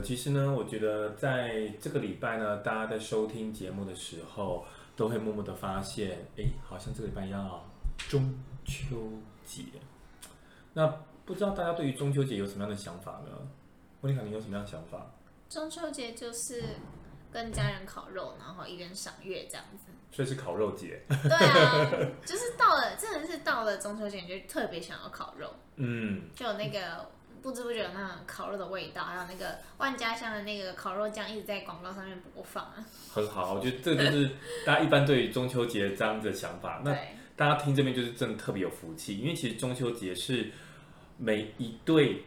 其實呢，我覺得在這個禮拜呢，大家在收聽節目的時候，都會默默的發現，哎，好像這個禮拜要、哦、中秋節。那不知道大家對於中秋節有什麼樣的想法呢？莫妮卡，你有什麼樣的想法？中秋節就是跟家人烤肉，然後一邊賞月這樣子。所以是烤肉節。 對啊，就是到了，真的是到了中秋節，你就特別想要烤肉。嗯，就有那個。不知不覺有那種烤肉的味道，還有那個萬家香的那個烤肉醬一直在廣告上面播放啊。很好，我覺得這就是大家一般對於中秋節這樣子的想法 對。那大家聽這邊就是真的特別有福氣，因為其實中秋節是每一對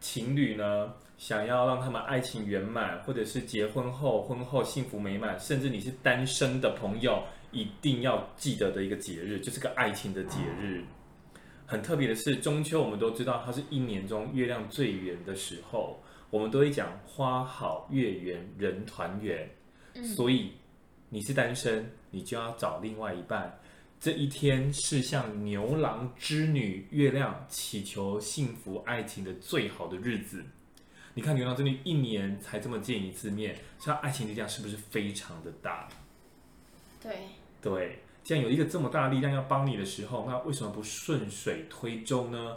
情侶呢，想要讓他們愛情圓滿，或者是結婚後婚後幸福美滿，甚至你是單身的朋友一定要記得的一個節日，就是個愛情的節日。嗯很特別的是，中秋我們都知道，它是一年中月亮最圓的時候。我們都會講“花好月圓人團圓”，嗯、所以你是單身，你就要找另外一半。這一天是向牛郎織女月亮祈求幸福愛情的最好的日子。你看牛郎織女一年才這麼見一次面，像愛情力量是不是非常的大？對對。既然有一個這麼大力量要幫你的時候，那為什麼不順水推舟呢？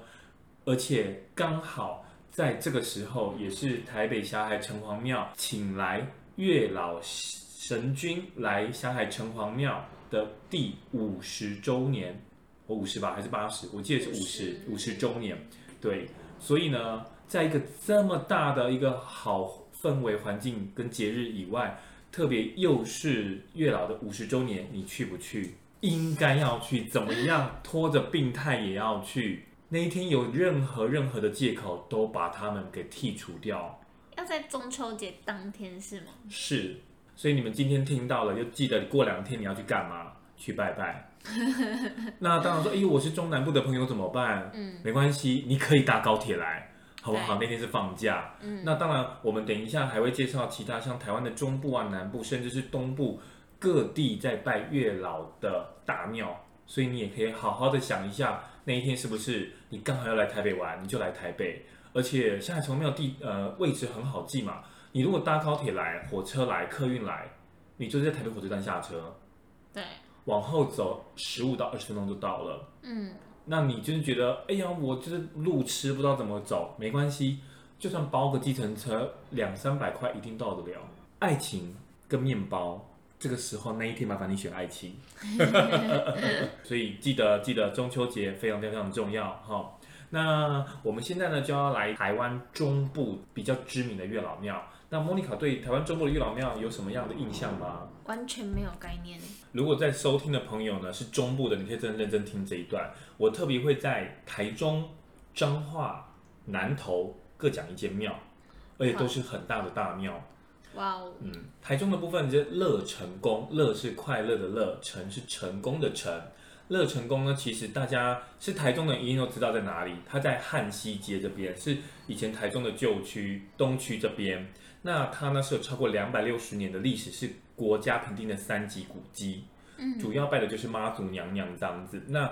而且剛好在這個時候，也是台北霞海城隍廟請來月老神君來霞海城隍廟的第五十周年，我五十吧，還是八十？我記得是五十五十周年。對，所以呢，在一個這麼大的一個好氛圍環境跟節日以外。特別又是月老的五十周年，你去不去？應該要去，怎麼樣拖着病態也要去。那一天有任何任何的借口，都把他們給剔除掉。要在中秋節當天是嗎？是，所以你們今天聽到了，又記得過兩天你要去幹嘛？去拜拜。 那當然說，哎、欸，我是中南部的朋友怎麼辦？嗯，沒關係，你可以搭高鐵來。好不好？那天是放假，嗯，那當然，我們等一下還會介紹其他，像台灣的中部啊、南部，甚至是東部各地在拜月老的大廟，所以你也可以好好的想一下，那一天是不是你剛好要來台北玩，你就來台北。而且霞海城隍廟地呃位置很好記嘛，你如果搭高鐵來、火車來、客運來，你就在台北火車站下車，對，往後走十五到二十分鐘就到了，嗯。那你就是覺得，哎呀，我就是路痴，不知道怎麼走，沒關係，就算包個計程車，兩三百塊一定到得了。愛情跟面包，這個時候那一天麻煩你選愛情。 所以記得記得中秋節非常非常重要哈、哦。那我們現在呢就要來台灣中部比較知名的月老廟。那莫妮卡對台灣中部的月老廟有什麼樣的印象嗎？完全沒有概念。如果在收聽的朋友呢是中部的，你可以真的認真聽這一段。我特別會在台中、彰化、南投各講一間廟，而且都是很大的大廟。哇哦！嗯，台中的部分是樂成宮，樂是快樂的樂，成是成功的成。樂成宮呢，其實大家是台中的人一定都知道在哪裡，它在旱溪街這邊，是以前台中的舊區東區這邊。那它呢是有超過兩百六十年的歷史，是國家評定的三級古蹟。主要拜的就是媽祖娘娘這樣子。那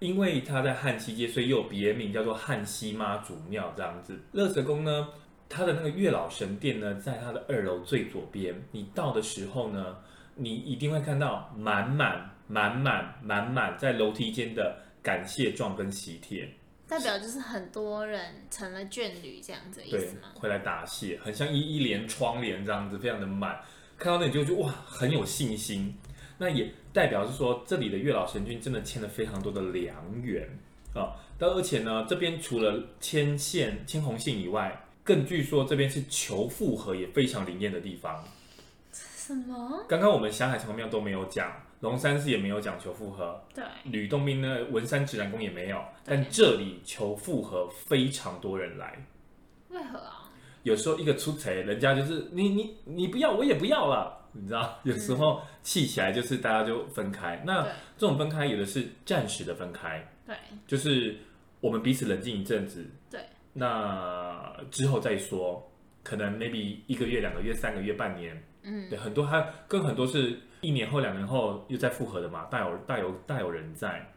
因為它在旱溪街，所以又有別名叫做旱溪媽祖廟這樣子。樂成宮呢，它的那個月老神殿呢，在它的二樓最左邊。你到的時候呢，你一定會看到滿滿滿滿滿滿滿在樓梯間的感謝狀跟喜帖。代表就是很多人成了眷侶這樣子的意思嗎？會來答謝，很像一一簾窗簾這樣子，非常的滿，看到你就會哇，很有信心。那也代表是說這裡的月老神君真的牽了非常多的良緣啊。哦。但而且呢，這邊除了牽線牽紅線以外，更據說這邊是求復合也非常靈驗的地方。什麼？剛剛我們霞海城隍廟都沒有講。龍三寺也沒有講求復合，對呂洞賓呢，文山直男公也沒有，但這裡求復合非常多人來，為何啊？有時候一個出錘，人家就是你你你不要，我也不要了，你知道？有時候氣起來就是大家就分開，嗯、那這種分開有的是暫時的分開，對，就是我們彼此冷靜一陣子，對，那之後再說，可能 maybe 一個月、兩個月、三個月、半年。嗯，對，很多還有，跟很多是一年後、兩年後又再復合的嘛，大有大有大有人在。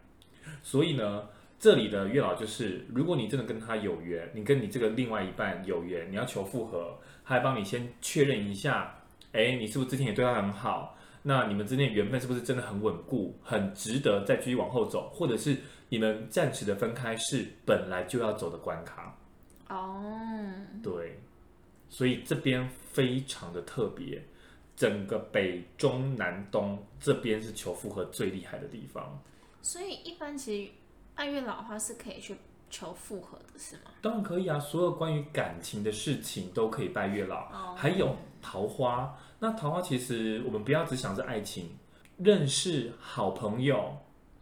所以呢，這裡的月老就是，如果你真的跟他有緣，你跟你這個另外一半有緣，你要求復合，他還幫你先確認一下，哎，你是不是之前也對他很好？那你們之間緣分是不是真的很穩固、很值得再繼續往後走？或者是你們暫時的分開是本來就要走的關卡？哦、oh.，對，所以這邊非常的特別。整個北中南東這邊是求復合最厲害的地方，所以一般其實拜月老的話是可以去求復合的，是嗎？當然可以啊，所有關於感情的事情都可以拜月老，Oh, okay. 還有桃花。那桃花其實我們不要只想着愛情，認識好朋友，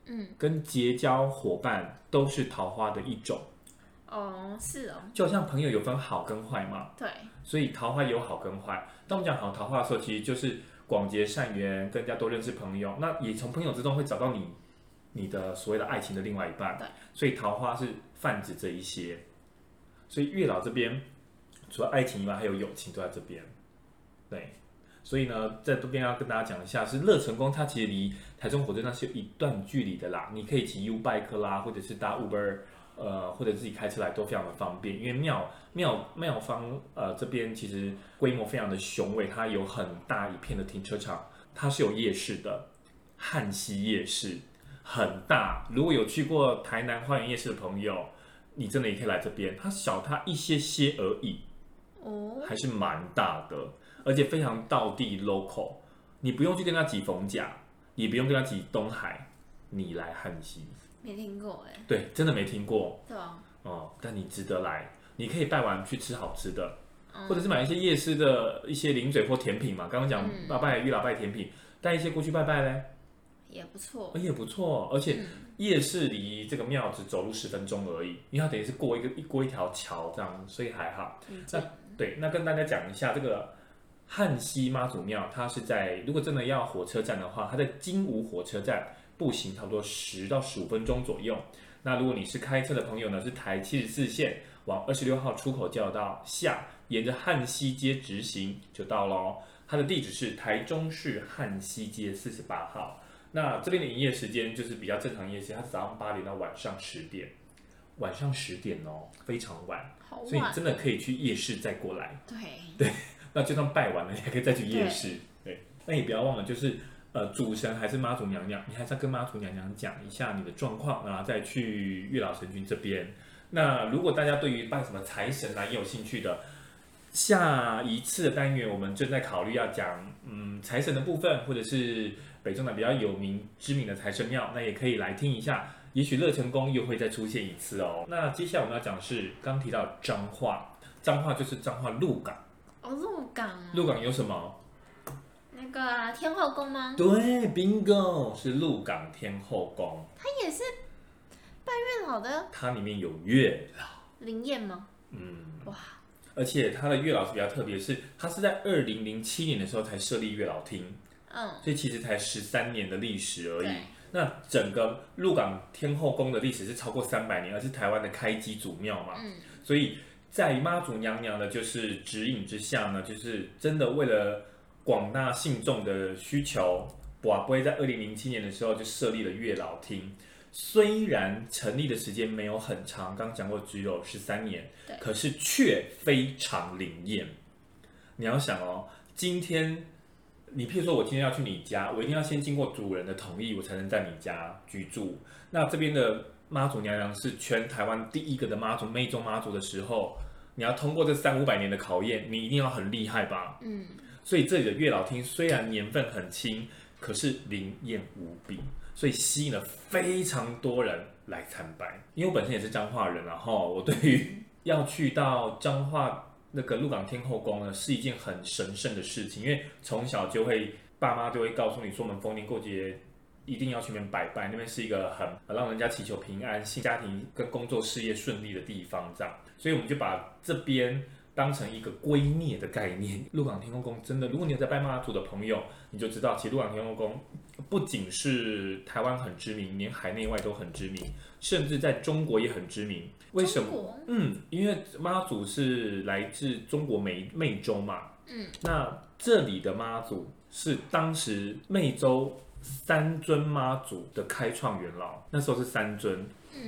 嗯，跟結交夥伴都是桃花的一種。哦、oh，，是哦，就好像朋友有分好跟壞嘛，對，所以桃花有好跟壞。當我們講好桃花的時候，其實就是廣結善緣，更加多認識朋友，那也從朋友之中會找到你，你的所謂的愛情的另外一半。對，所以桃花是泛指這一些。所以月老這邊，除了愛情以外，還有友情都在這邊。對，所以呢，在這邊要跟大家講一下，是樂成宮，它其實離台中火車站是有一段距離的啦，你可以騎 U Bike 啦，或者是搭 Uber。呃，或者自己開車來都非常的方便，因為廟廟廟，廟方呃這邊其實規模非常的雄偉，它有很大一片的停車場，它是有夜市的，旱溪夜市很大，如果有去過台南花園夜市的朋友，你真的也可以來這邊，它小它一些些而已，哦，還是蠻大的，而且非常道地 local，你不用去跟他擠逢甲，也不用跟他擠東海，你來旱溪。沒聽過哎、欸，對，真的沒聽過。啊。哦，但你值得來，你可以拜完去吃好吃的，嗯、或者是買一些夜市的一些零嘴、或甜品嘛。剛剛講拜拜月、嗯、老拜甜品，帶一些過去拜拜嘞。也不錯、哦。也不錯，而且夜市離這個廟只走路十分鐘而已，嗯、因為它等於是過一個一過一條橋這樣，所以還好。嗯。那嗯對，那跟大家講一下這個旱溪媽祖廟，它是在如果真的要火車站的話，它在精武火車站。步行差不多十到十五分鐘左右。那如果你是開車的朋友呢，是台七十四線往二十六號出口叫到下，沿着旱溪街直行就到嘍。它的地址是台中市旱溪街四十八號。那這邊的營業時間就是比較正常營業時間，它早上八點到晚上十點，晚上十點哦，非常晚，好晚。所以真的可以去夜市再過來。對對，那就算拜完了，你還可以再去夜市。對。對，那也不要忘了就是。呃，主神還是媽祖娘娘？你還是要跟媽祖娘娘講一下你的狀況，然後再去月老神君這邊。那如果大家對於拜什麼財神蠻有興趣的，下一次的單元我們正在考慮要講，嗯，財神的部分，或者是北中南比較有名知名的財神廟，那也可以來聽一下。也許樂成宮又會再出現一次哦。那接下來我們要講的是剛提到彰化。彰化就是彰化鹿港哦，鹿港，鹿港有什麼？個天後宮嗎？對，Bingo 是鹿港天後宮。它也是拜月老的，它裡面有月老。靈驗嗎？嗯。哇！而且它的月老是比較特別的是，是它是在二零零七年的時候才設立月老廳。嗯。所以其實才十三年的歷史而已。那整個鹿港天後宮的歷史是超過三百年，而是台灣的開基祖廟嘛。嗯。所以，在媽祖娘娘的就是指引之下呢，就是真的為了。廣大信眾的需求，我不會在二零零七年的時候就設立了月老廳。雖然成立的時間沒有很長，剛剛講過只有十三年，可是卻非常靈驗。你要想哦，今天你譬如說我今天要去你家，我一定要先經過主人的同意，我才能在你家居住。那這邊的媽祖娘娘是全台灣第一個的媽祖、湄洲媽祖的時候，你要通過這三五百年的考驗，你一定要很厲害吧？嗯。所以這裡的月老廳雖然年份很輕，可是靈驗無比，所以吸引了非常多人來參拜。因為我本身也是彰化人、啊，然後我對於要去到彰化那個鹿港天後宮呢，是一件很神聖的事情。因為從小就會，爸媽就會告訴你說門，我們逢年過節一定要去那邊拜拜，那邊是一個很讓人家祈求平安、新家庭跟工作事業順利的地方。這樣，所以我們就把這邊。當成一個歸滅的概念。鹿港天後宮真的，如果你有在拜媽祖的朋友，你就知道，其實鹿港天後宮不僅是台灣很知名，連海內外都很知名，甚至在中國也很知名。為什麼？嗯，因為媽祖是來自中國湄湄洲嘛。嗯，那這裡的媽祖是當時湄洲三尊媽祖的開創元老，那時候是三尊，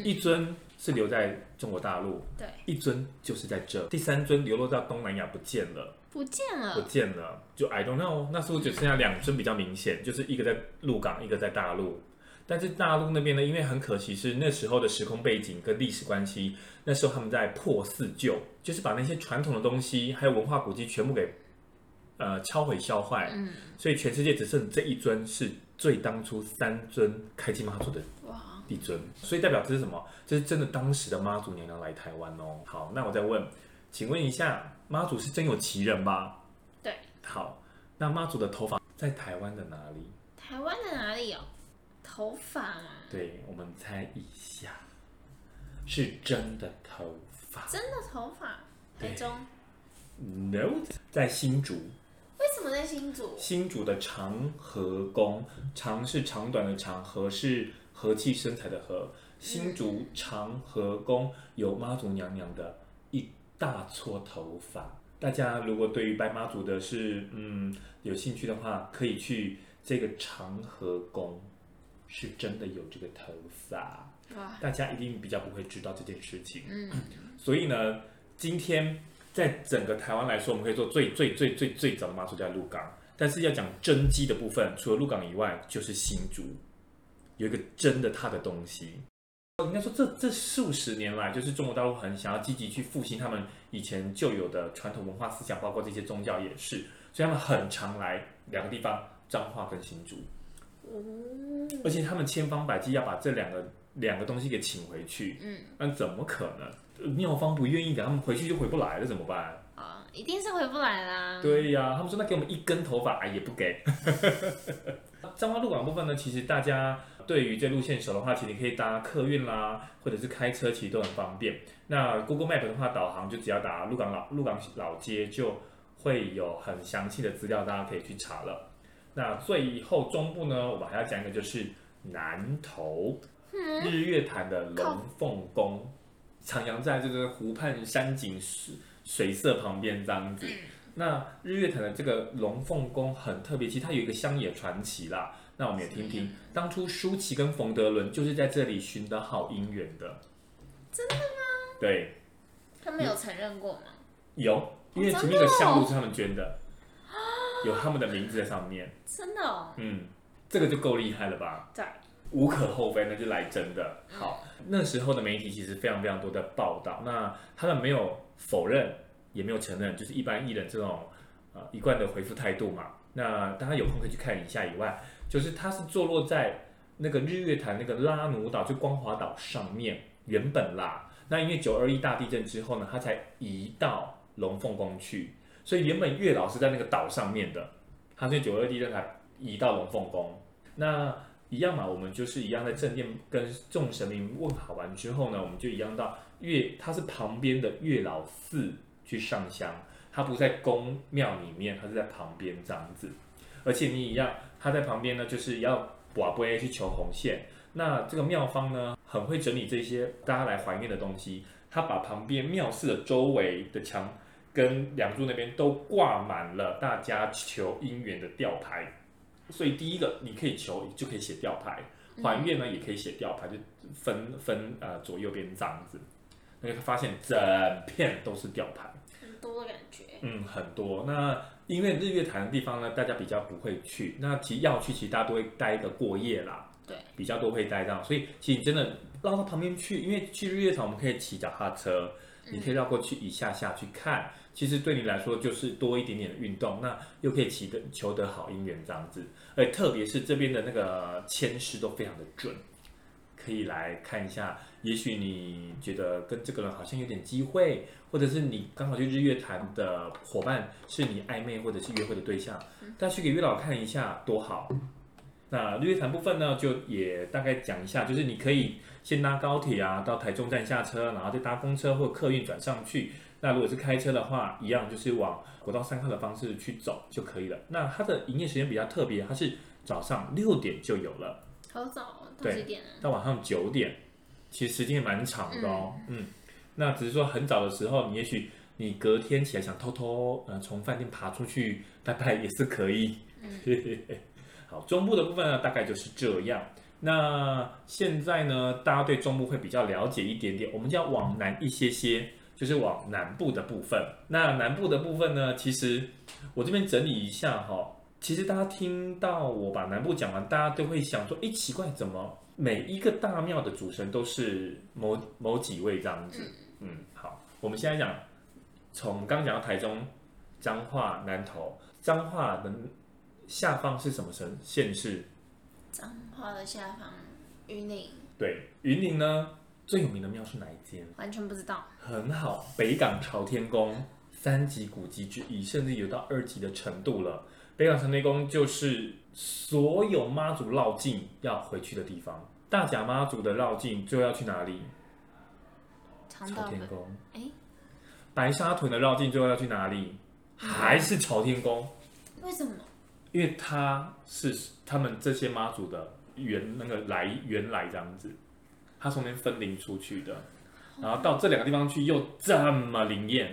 一尊，是留在中國大陸，對，一尊就是在這，第三尊流落到東南亞不見了，不見了，不見了，就 I don't know。那時候只剩下兩尊比較明顯，就是一個在鹿港，一個在大陸。但是大陸那邊呢，因為很可惜是那時候的時空背景跟歷史關係，那時候他們在破四舊，就是把那些傳統的東西還有文化古蹟全部給呃敲毀銷壞。嗯，所以全世界只剩這一尊是最當初三尊開基媽祖的。哇！所以代表這是什麼？這是真的，當時的媽祖娘娘來台灣哦。好，那我再問，請問一下，媽祖是真有其人嗎？對。好，那媽祖的頭髮在台灣的哪裡？台灣的哪裡哦？頭髮嗎？對，我們猜一下，是真的頭髮？真的頭髮？台中？對。No，在新竹。為什麼在新竹？新竹的長和宮，長是長短的長和，和是。和氣生財的和，新竹長和宮有媽祖娘娘的一大撮頭髮。大家如果對於白媽祖的是嗯有興趣的話，可以去這個長和宮，是真的有這個頭髮。大家一定比較不會知道這件事情。嗯。所以呢，今天在整個台灣來說，我們可以做最最最最最早的媽祖叫鹿港，但是要講真跡的部分，除了鹿港以外，就是新竹。有一個真的他的東西，應該說這這數十年來，就是中國大陸很想要積極去復興他們以前就有的傳統文化思想，包括這些宗教也是，所以他們很常來兩個地方：彰化跟新竹。嗯、而且他們千方百計要把這兩個兩個東西給請回去。嗯，那怎麼可能？廟方不願意給他們回去就回不來了，怎麼辦？啊、哦，一定是回不來啦。對呀、啊，他們說那給我們一根頭髮也不給。 彰化鹿港部分呢，其實大家。對於這路線熟的話，其實你可以搭客運啦，或者是開車，其實都很方便。那 Google Map 的話，導航就只要打鹿港老鹿港老街，就會有很詳細的資料，大家可以去查了。那最後中部呢，我們還要講一個，就是南投日月潭的龍鳳宮，徜徉在這個湖畔山景水水色旁邊這樣子。那日月潭的這個龍鳳宮很特別，其實它有一個鄉野傳奇啦。那我們也聽聽，當初舒淇跟馮德倫就是在這裡尋得好姻緣的，真的嗎？對，他們有承認過嗎？有，因為前面的項目是他們捐的，真的哦？，有他們的名字在上面， 真的哦。嗯，這個就夠厲害了吧？對，無可厚非，那就來真的。好，那時候的媒體其實非常非常多在報道，那他們沒有否認，也沒有承認，就是一般藝人這種呃一貫的回覆態度嘛。那大家有空可以去看一下，以外。就是它是坐落在那個日月潭那個拉奴島，就光華島上面。原本啦，那因為九二一大地震之後呢，它才移到龍鳳宮去。所以原本月老是在那個島上面的，它在九二一大地震才移到龍鳳宮。那一樣嘛，我們就是一樣在正殿跟眾神明問好完之後呢，我們就一樣到月，它是旁邊的月老寺去上香。它不是在宮廟裡面，它是在旁邊這樣子。而且你一樣。他在旁邊呢，就是要跋杯，去求紅線。那這個廟方呢，很會整理這些大家來還願的東西。他把旁邊廟寺的周圍的牆跟梁柱那邊都掛滿了大家求姻緣的吊牌。所以第一個，你可以求就可以寫吊牌，還願呢、嗯、也可以寫吊牌，就分分呃左右邊這樣子。那就會發現整片都是吊牌，很多的感嗯，很多。那因為日月潭的地方呢，大家比較不會去。那其實要去，其實大家都會待個過夜啦。對，比較多會待這樣。所以其實你真的繞到旁邊去，因為去日月潭我們可以騎腳踏車，你可以繞過去一下下去看、嗯。其實對你來說就是多一點點的運動，那又可以騎得求得好姻緣這樣子。哎，特別是這邊的那個籤詩都非常的準，可以來看一下。也許你覺得跟這個人好像有點機會。或者是你剛好去日月潭的夥伴是你曖昧或者是約會的對象，大、嗯、家去給月老看一下多好。那日月潭部分呢，就也大概講一下，就是你可以先搭高鐵啊，到台中站下車，然後再搭公車或客運轉上去。那如果是開車的話，一樣就是往國道三號的方式去走就可以了。那它的營業時間比較特別，它是早上六點就有了，好早，哦，到幾點？到晚上九點，其實時間也蠻長的哦，嗯。嗯那只是說很早的時候，你也許你隔天起來想偷偷呃從飯店爬出去拜拜也是可以，嗯。嘿 好，中部的部分呢，大概就是這樣。那現在呢，大家對中部會比較了解一點點。我們就要往南一些些，嗯、就是往南部的部分。那南部的部分呢，其實我這邊整理一下哈，哦。其實大家聽到我把南部講完，大家都會想說，誒，奇怪，怎麼每一個大廟的主神都是某某幾位這樣子？嗯嗯，好，我們現在講，從剛講到台中、彰化、南投，彰化的下方是什麼城縣市？彰化的下方雲林。對，雲林呢最有名的廟是哪一間？完全不知道。很好，北港朝天宮， 三級古蹟之一，甚至有到二級的程度了。北港朝天宮就是所有媽祖繞境要回去的地方。大甲媽祖的繞境最後要去哪裡？朝天宮，哎，白沙屯的繞境最後要去哪裡？還是朝天宮？為什麼？因為它是他們這些媽祖的原那個來原來這樣子，它從那邊分靈出去的，然後到這兩個地方去又這麼靈驗，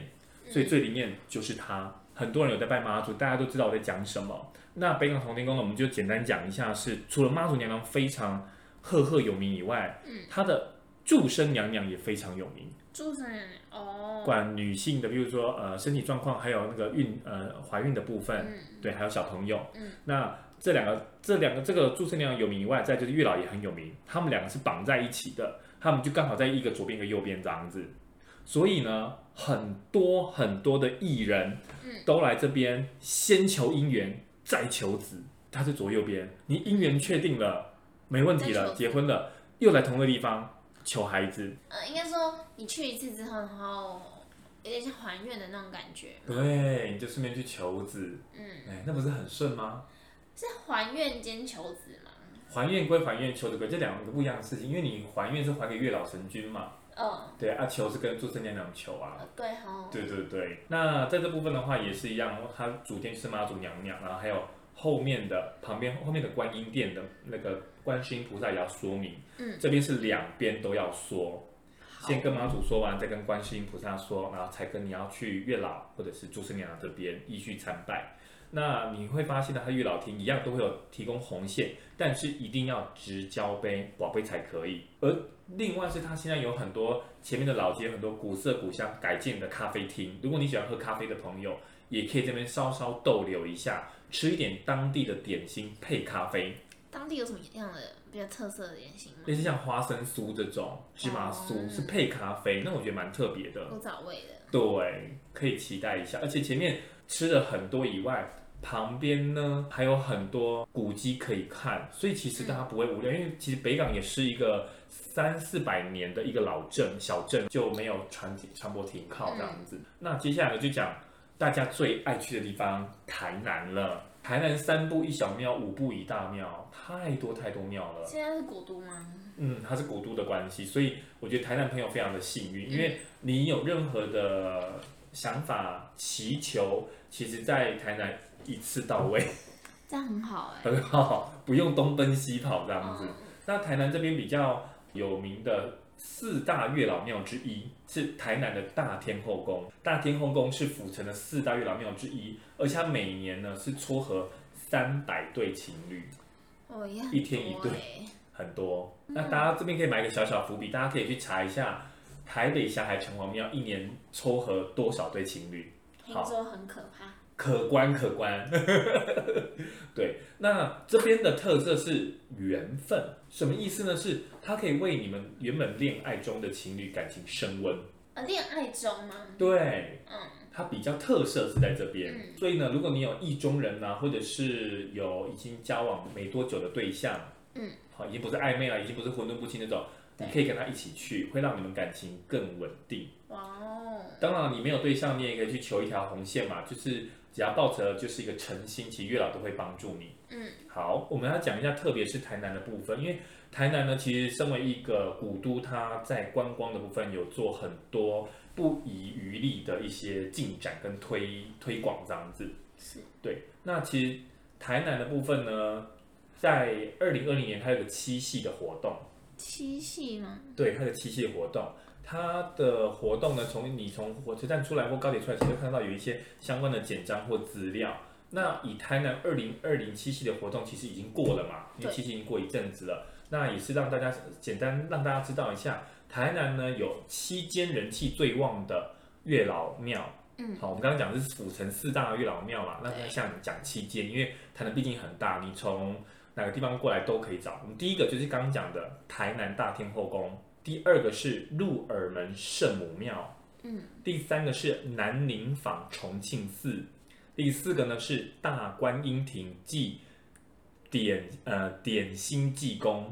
所以最靈驗就是它。很多人有在拜媽祖，大家都知道我在講什麼。那北港朝天宮呢，我們就簡單講一下，是除了媽祖娘娘非常赫赫有名以外，嗯，它的。祝生娘娘也非常有名，祝生娘娘哦，管女性的，比如說呃身體狀況，還有那個孕呃懷孕的部分、嗯，對，還有小朋友，嗯、那這兩個這兩個這個祝生娘娘有名以外，再就是月老也很有名，他們兩個是綁在一起的，他們就剛好在一個左邊一個右邊這樣子，所以呢，很多很多的藝人都來這邊先求姻緣、嗯、再求子，他是左右邊，你姻緣確定了沒問題了，結婚了又來同一個地方。求孩子，呃，應該說你去一次之後，然後有點像還願的那種感覺。對，你就順便去求子，嗯，欸、那不是很順嗎？是還願兼求子嗎？還願歸還願，求子歸這兩個不一樣的事情，因為你還願是還給月老神君嘛，嗯、哦，對，阿、啊、求是跟註生娘娘求啊，對、嗯、哈，對對對，那在這部分的話也是一樣，它主殿是媽祖娘娘，然後還有後面的旁邊後面的觀音殿的那個。觀世音菩薩也要說明，嗯，這邊是兩邊都要說、嗯，先跟媽祖說完，再跟觀世音菩薩說，然後才跟你要去月老或者是註生娘娘這邊依序參拜。那你會發現呢，他月老廳一樣都會有提供紅線，但是一定要擲筊杯寶貝才可以。而另外是他現在有很多前面的老街，很多古色古香改建的咖啡廳，如果你喜歡喝咖啡的朋友，也可以這邊稍稍逗留一下，吃一點當地的點心配咖啡。當地有什麼樣的比較特色的點心嗎？類似像花生酥這種，芝麻酥，oh. 是配咖啡，那我覺得蠻特別的，古早味的。對，可以期待一下。而且前面吃了很多以外，旁邊呢還有很多古蹟可以看，所以其實大家不會無聊，嗯、因為其實北港也是一個三四百年的一個老鎮小鎮，就沒有船船舶停靠這樣子。嗯、那接下來呢，就講大家最愛去的地方，台南了。台南三步一小廟，五步一大廟，太多太多廟了。現在是古都嗎？嗯，它是古都的關係，所以我覺得台南朋友非常的幸運，嗯、因為你有任何的想法祈求，其實在台南一次到位，這樣很好哎、欸，很好，不用東奔西跑這樣子，哦。那台南這邊比較有名的。四大月老廟之一是台南的大天後宮，大天後宮是府城的四大月老廟之一，而且它每年呢是撮合三百對情侶，哦，一天一對，很多、嗯。那大家這邊可以埋一個小小伏筆，大家可以去查一下台北霞海城隍廟一年撮合多少對情侶，聽說很可怕。可觀可觀， 對，那這邊的特色是緣分，什麼意思呢？是它可以為你們原本戀愛中的情侶感情升溫啊，戀愛中嗎？對，嗯，它比較特色是在這邊，嗯、所以呢，如果你有意中人吶、啊，或者是有已經交往沒多久的對象，嗯，好，已經不是曖昧了、啊，已經不是混沌不清那種，你可以跟他一起去，會讓你們感情更穩定。哇哦，當然你沒有對象，你也可以去求一條紅線嘛，就是。只要抱着就是一個誠心，其實月老都會幫助你。嗯，好，我們要講一下，特別是台南的部分，因為台南呢，其實身為一個古都，它在觀光的部分有做很多不遺餘力的一些進展跟推推廣這樣子。是，對。那其實台南的部分呢，在二零二零年，它有個七夕的活動。七夕呢？對，它有個七夕的活動。它的活動呢，從你從火車站出來或高鐵出來，其實看到有一些相關的簡章或資料。那以台南二零二零七夕的活動，其實已經過了嘛，因為七夕已經過一陣子了。那也是讓大家簡單讓大家知道一下，台南呢有七間人氣最旺的月老廟。嗯，好，我們剛剛講的是府城四大的月老廟嘛，那像你講七間，因為台南畢竟很大，你從哪個地方過來都可以找。我們第一個就是剛剛講的台南大天後宮。第二個是鹿耳門聖母廟，嗯，第三個是南寧坊重慶寺，第四個呢是大觀音亭記點呃典興濟宮，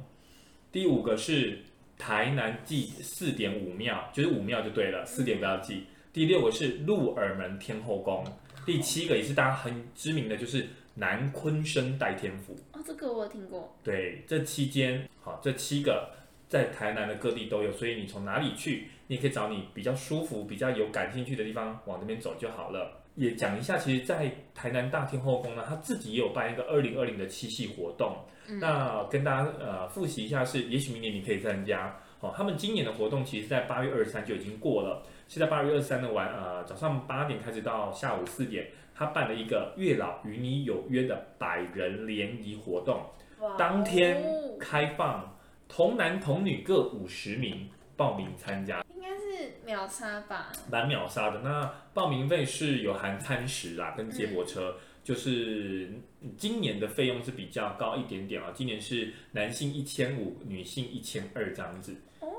第五個是台南記祀典武廟，就是武廟就對了，祀、嗯、典不要記。第六個是鹿耳門天後宮、嗯，第七個也是大家很知名的就是南鯤鯓代天府，哦，這個我有聽過。對，這期間好，這七個。在台南的各地都有，所以你從哪裡去，你也可以找你比較舒服，比較有感興趣的地方往那邊走就好了。也講一下，其實，在台南大天後宮呢，他自己也有辦一個二零二零的七夕活動。嗯、那跟大家呃複習一下是，是也許明年你可以參加。哦，他們今年的活動其實，在八月二十三就已經過了。是在八月二十三的晚，呃，早上八點開始到下午四點，他辦了一個“月老與你有約”的百人聯誼活動，哦，當天開放。童男童女各五十名報名參加，應該是秒殺吧？蠻秒殺的。那報名費是有含餐食啦，啊，跟接駁車，嗯，就是今年的費用是比較高一點點啊，今年是男性一千五，女性一千二這樣子。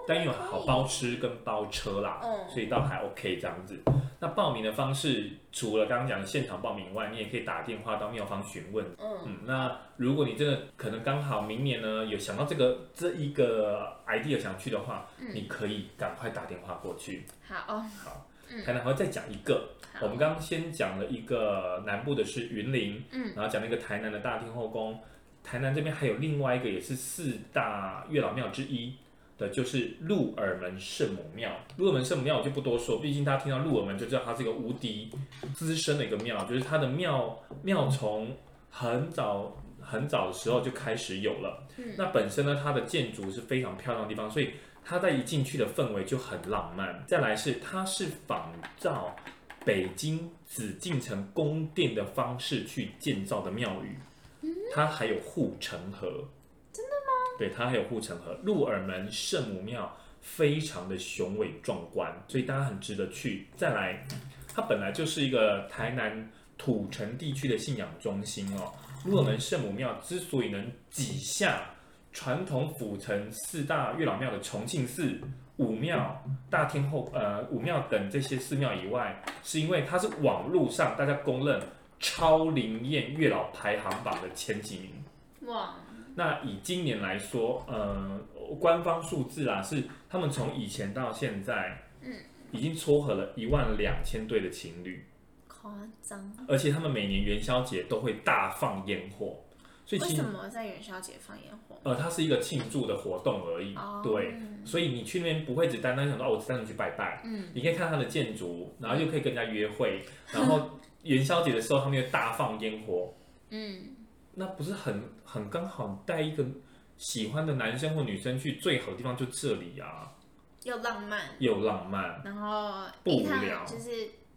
但有好包吃跟包車啦，以所以倒還 OK 這樣子。那報名的方式除了剛剛講的現場報名外，你也可以打電話到廟方詢問。嗯，嗯，那如果你真的可能剛好明年呢有想到這個這一個 idea 想去的話，嗯，你可以趕快打電話過去。好、哦，好，台南還會再講一個。嗯、我們剛，剛先講了一個南部的是雲林，嗯，然後講了一個台南的大天後宮。台南這邊還有另外一個也是四大月老廟之一。就是鹿耳門聖母廟，鹿耳門聖母廟我就不多說，畢竟大家聽到鹿耳門就知道它是一個無敵資深的一個廟，就是它的廟廟從很早很早的時候就開始有了。嗯。那本身呢，它的建築是非常漂亮的地方，所以它在一進去的氛圍就很浪漫。再來是它是仿照北京紫禁城宮殿的方式去建造的廟宇，它還有護城河。對，它還有護城河，鹿耳門聖母廟非常的雄偉壯觀，所以大家很值得去。再來，它本來就是一個台南土城地區的信仰中心哦。鹿耳門聖母廟之所以能擠下傳統府城四大月老廟的重慶寺、武廟、大天後、呃，武廟等這些寺廟以外，是因為它是網絡上大家公認超靈驗月老排行榜的前幾名。哇！那以今年來說，呃，官方數字啊是他們從以前到現在，嗯，已經撮合了一萬兩千對的情侶，誇張。而且他們每年元宵節都會大放煙火，所以為什麼在元宵節放煙火？呃，它是一個慶祝的活動而已 對、哦，對。所以你去那邊不會只單單想到哦，我只單單去拜拜，嗯，你可以看它的建築，然後就可以跟人家約會，然後元宵節的時候 他們又大放煙火，嗯，那不是很？很剛好帶一個喜歡的男生或女生去最好的地方就這裡啊，又浪漫又浪漫，然後不無聊就是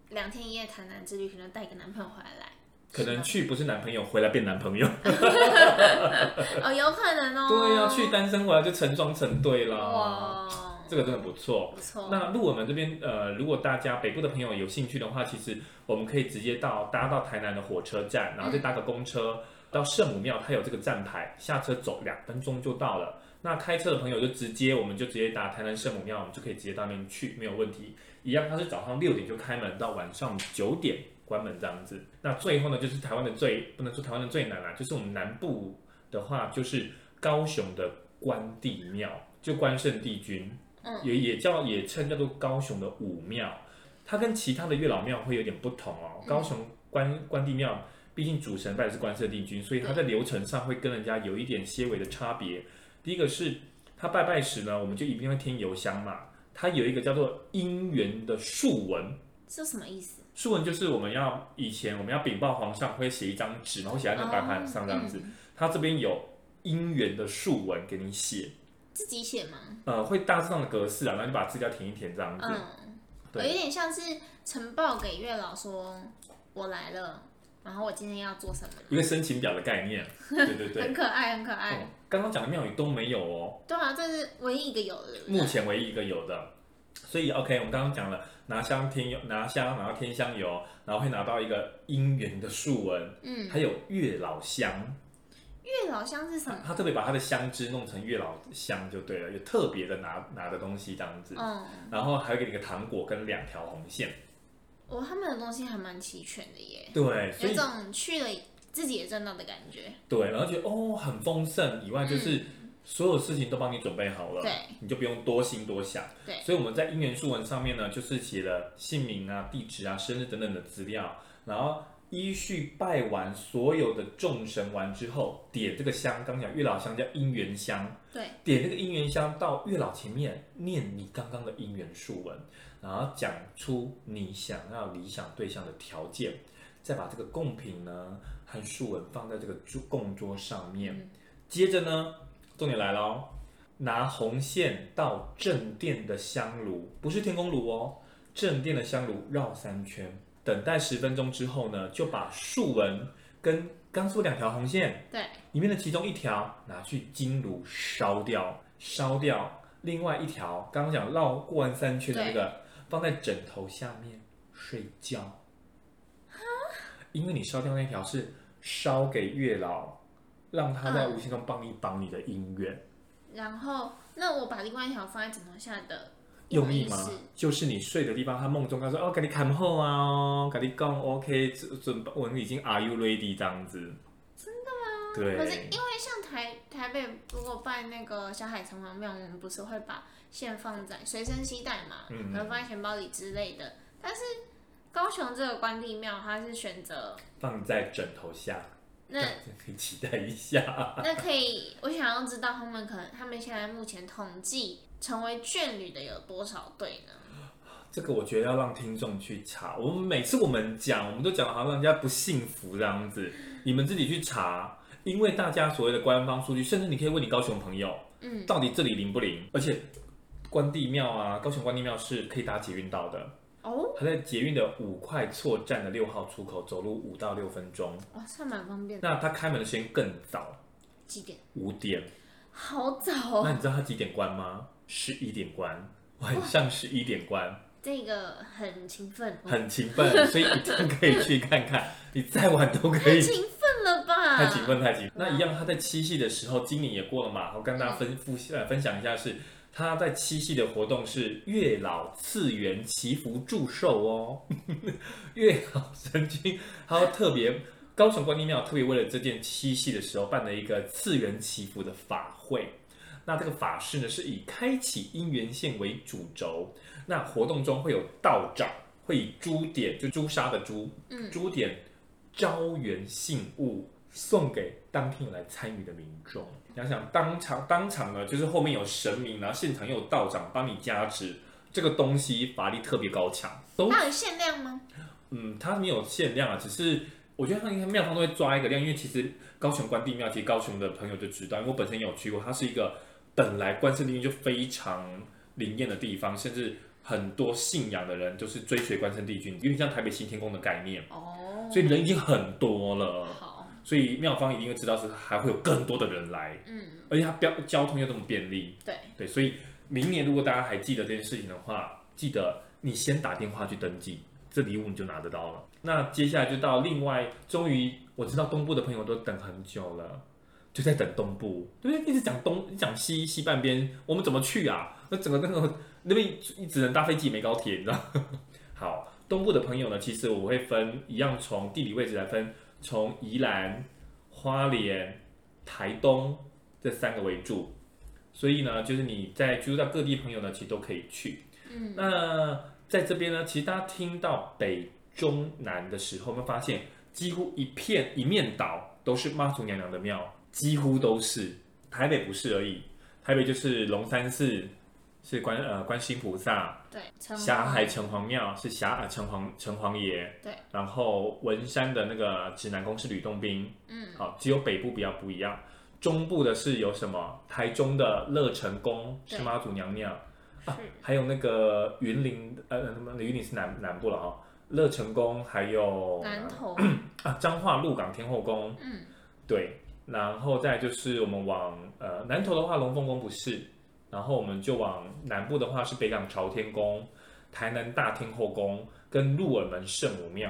兩天一夜台南之旅，可能帶一個男朋友回來,來，可能去不是男朋友回來變男朋友， 哦有可能哦，對要、啊、去單身回來就成雙成對了，哇，這個真的不錯，不錯。那如果我們這邊呃，如果大家北部的朋友有興趣的話，其實我們可以直接到搭到台南的火車站，然後再搭個公車。嗯到聖母廟，它有這個站台，下車走兩分鐘就到了。那開車的朋友就直接，我們就直接打台南聖母廟，我們就可以直接到那邊去，沒有問題。一樣，它是早上六點就開門，到晚上九點關門這樣子。那最後呢，就是台灣的最不能說台灣的最南啦，啊，就是我們南部的話，就是高雄的關帝廟，就關聖帝君，嗯，也也叫也稱叫做高雄的武廟，它跟其他的月老廟會有點不同哦。高雄關關帝廟。畢竟主神拜的是關聖帝君，所以他在流程上會跟人家有一點些微的差別。嗯、第一個是他拜拜時呢，我們就一定會添油香嘛。他有一個叫做姻緣的疏文，這什麼意思？疏文就是我們要以前我們要稟報皇上，會寫一張紙，然後寫在白板上這樣子。哦嗯、他這邊有姻緣的疏文給你寫，自己寫嗎？呃，會大致上的格式啊，然後把資料填一填這樣子。嗯，有一點像是呈報給月老說，我來了。然後我今天要做什麼？一個申請表的概念，對對對， 很可愛，很可愛。哦、剛剛講的廟宇都沒有哦。對啊，這是唯一一個有的，目前唯一一個有的。嗯、所以 OK，我們剛剛講了拿香添油，拿香然後添香油，然後會拿到一個姻緣的疏文，嗯，還有月老香。月老香是什麼？他特別把他的香枝弄成月老香就對了，有特別的拿拿的東西這樣子，嗯，然後還會給你個糖果跟兩條紅線。哦，他們的東西還蠻齊全的耶，對，有種去了自己也賺到的感覺。對，然後覺得哦，很豐盛以外，就是所有事情都幫你準備好了，對、嗯，你就不用多心多想。對，所以我們在姻緣疏文上面呢，就是寫了姓名啊、地址啊、生日等等的資料，然後，依序拜完所有的眾神完之後，點這個香，剛剛講月老香叫姻緣香，對，點這個姻緣香到月老前面念你剛剛的姻緣疏文，然後講出你想要理想對象的條件，再把這個供品呢和疏文放在這個桌供桌上面、嗯，接着呢，重點來嘍，拿紅線到正殿的香爐，不是天公爐哦，正殿的香爐繞三圈。等待十分鐘之後呢，就把疏文跟剛剛兩條紅線對，裡面的其中一條拿去金爐燒掉，燒掉另外一條，剛剛講繞過完三圈的那個放在枕頭下面睡覺，哈，因為你燒掉那條是燒給月老，讓他在無形中幫你綁你的姻緣。啊。然後那我把另外一條放在枕頭下的。用意嗎意？就是你睡的地方，他夢中他說：“哦，給你看後啊、哦，趕給你講 OK，準準備我們已經 Are you ready 這樣子。”真的嗎？對。可是因為像台台北，如果辦那個霞海城隍廟，我們不是會把線放在隨身攜帶嘛，嗯嗯，然後放在錢包裡之類的。但是高雄這個關帝廟，他是選擇放在枕頭下。那可以期待一下。那可以，我想要知道他們可能他們現在目前統計。成為眷侶的有多少對呢？這個我覺得要讓聽眾去查。我們每次我們講，我們都講好像讓人家不幸福這樣子， 你們自己去查。因為大家所謂的官方數據，甚至你可以問你高雄朋友，嗯，到底這裡靈不靈？而且關帝廟啊，高雄關帝廟是可以搭捷運到的哦，他在捷運的五塊厝站的六號出口，走路五到六分鐘，哇、哦，算蠻方便的。那他開門的時間更早，幾點？五點，好早、哦。那你知道他幾點關嗎？十一點關，晚上十一點關。這個很勤奮，很勤奮，所以一定可以去看看。 你再晚都可以，太勤奮了吧？太勤奮，太勤。那一樣，他在七夕的時候，今年也過了嘛。我跟大家分分享、哦、分享一下是，是他在七夕的活動是月老次元祈福祝壽哦。 月老神君，他特別高雄觀音廟特別為了這件七夕的時候辦了一個次元祈福的法會。那這個法式呢，是以開啟姻緣線為主軸。那活動中會有道長會以朱點，就朱砂的朱，嗯，朱點招緣信物送給當天來參與的民眾。想想當場當場呢，就是後面有神明，然後現場又有道長幫你加持，這個東西法力特別高強。那、so, 它有限量嗎？嗯，它沒有限量啊，只是我覺得他們廟方都會抓一個量，因為其實高雄關帝廟，其實高雄的朋友就知道，因為我本身有去過，它是一個。本來關聖帝君就非常靈驗的地方，甚至很多信仰的人都是追隨關聖帝君，有點像台北新天宮的概念，哦、oh,，所以人已經很多了，好，所以廟方一定會知道是還會有更多的人來，嗯，而且它標交通又這麼便利，對，對，所以明年如果大家還記得這件事情的話，記得你先打電話去登記，這禮物你就拿得到了。那接下來就到另外，終於我知道東部的朋友都等很久了。就在等東部，對不對？一直講東，一講西，西半邊，我們怎麼去啊？那整個那個那邊一只能搭飛機，沒高鐵，你知道？ 好，東部的朋友呢，其實我會分一樣，從地理位置來分，從宜蘭花蓮、台東這三個為主，所以呢，就是你在居住到各地朋友呢，其實都可以去。嗯，那在這邊呢，其實大家聽到北中南的時候，會發現幾乎一片一面倒，都是媽祖娘娘的廟。幾乎都是、嗯、台北不是而已，台北就是龍山寺是觀，呃，觀世音菩薩，對，霞海城隍廟是霞海城隍、城隍爺，對，然後文山的那個指南宮是呂洞賓，嗯，好，只有北部比較不一樣，中部的是有什麼？台中的樂成宮、嗯、是媽祖娘娘、啊，還有那個雲林、嗯、呃，雲林是南、南部了哈，樂成宮還有南投啊、彰化鹿港天後宮，嗯，對。然後再就是我們往呃南投的話，龍鳳宮不是，然後我們就往南部的話是北港朝天宮、台南大天後宮跟鹿耳門聖母廟，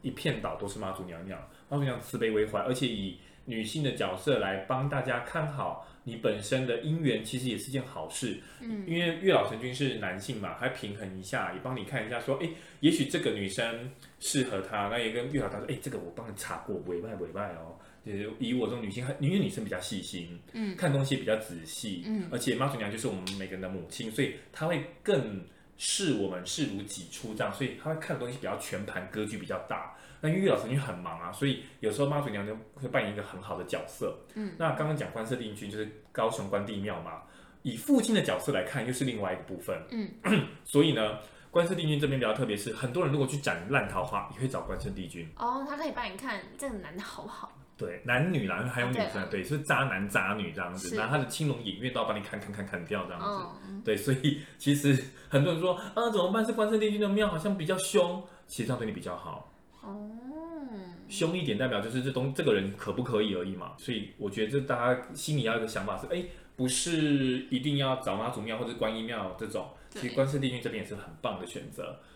一片島都是媽祖娘娘。媽祖娘娘慈悲為懷，而且以女性的角色來幫大家看好你本身的姻緣，其實也是件好事，嗯。因為月老神君是男性嘛，還平衡一下，也幫你看一下說，哎，也許這個女生適合他。那也跟月老他說，哎，這個我幫你查過，委拜委拜哦。就是以我這種女性，因為女生比較細心，嗯，看東西也比較仔細，嗯，而且媽祖娘就是我們每個人的母親，嗯，所以她會更視我們視如己出這樣，所以她會看的東西比較全盤，格局比較大。那月老神君很忙啊，所以有時候媽祖娘就會扮演一個很好的角色。嗯，那剛剛講關聖帝君就是高雄關帝廟嘛，以父親的角色來看又是另外一個部分。嗯， 所以呢，關聖帝君這邊比較特別，是很多人如果去斬爛桃花，也會找關聖帝君。哦，他可以幫你看這個男的好不好？對，男女男還有女生對，啊，對，是渣男渣女這樣子，然後他的青龍、偃月都要把你砍砍砍砍掉這樣子，嗯，對，所以其實很多人說，啊，怎麼辦？是關聖帝君的廟好像比較兇，其實這樣對你比較好，嗯。兇一點代表就是這東這個人可不可以而已嘛，所以我覺得大家心裡要有一個想法是，哎，不是一定要找媽祖廟或者觀音廟這種，其實關聖帝君這邊也是很棒的選擇。